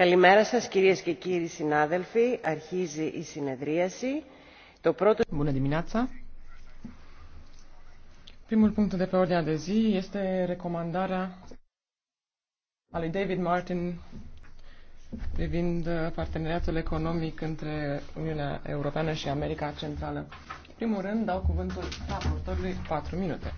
Καλημέρα σας κυρίες και κύριοι συνάδελφοι. Αρχίζει η συνεδρίαση. Το πρώτο... Bună dimineața! Primul punct de pe ordinea de zi este recomandarea a lui David Martin privind uh, parteneriatul economic între Uniunea Europeană și America Centrală. În primul rând, dau cuvântul raportorului 4 minute.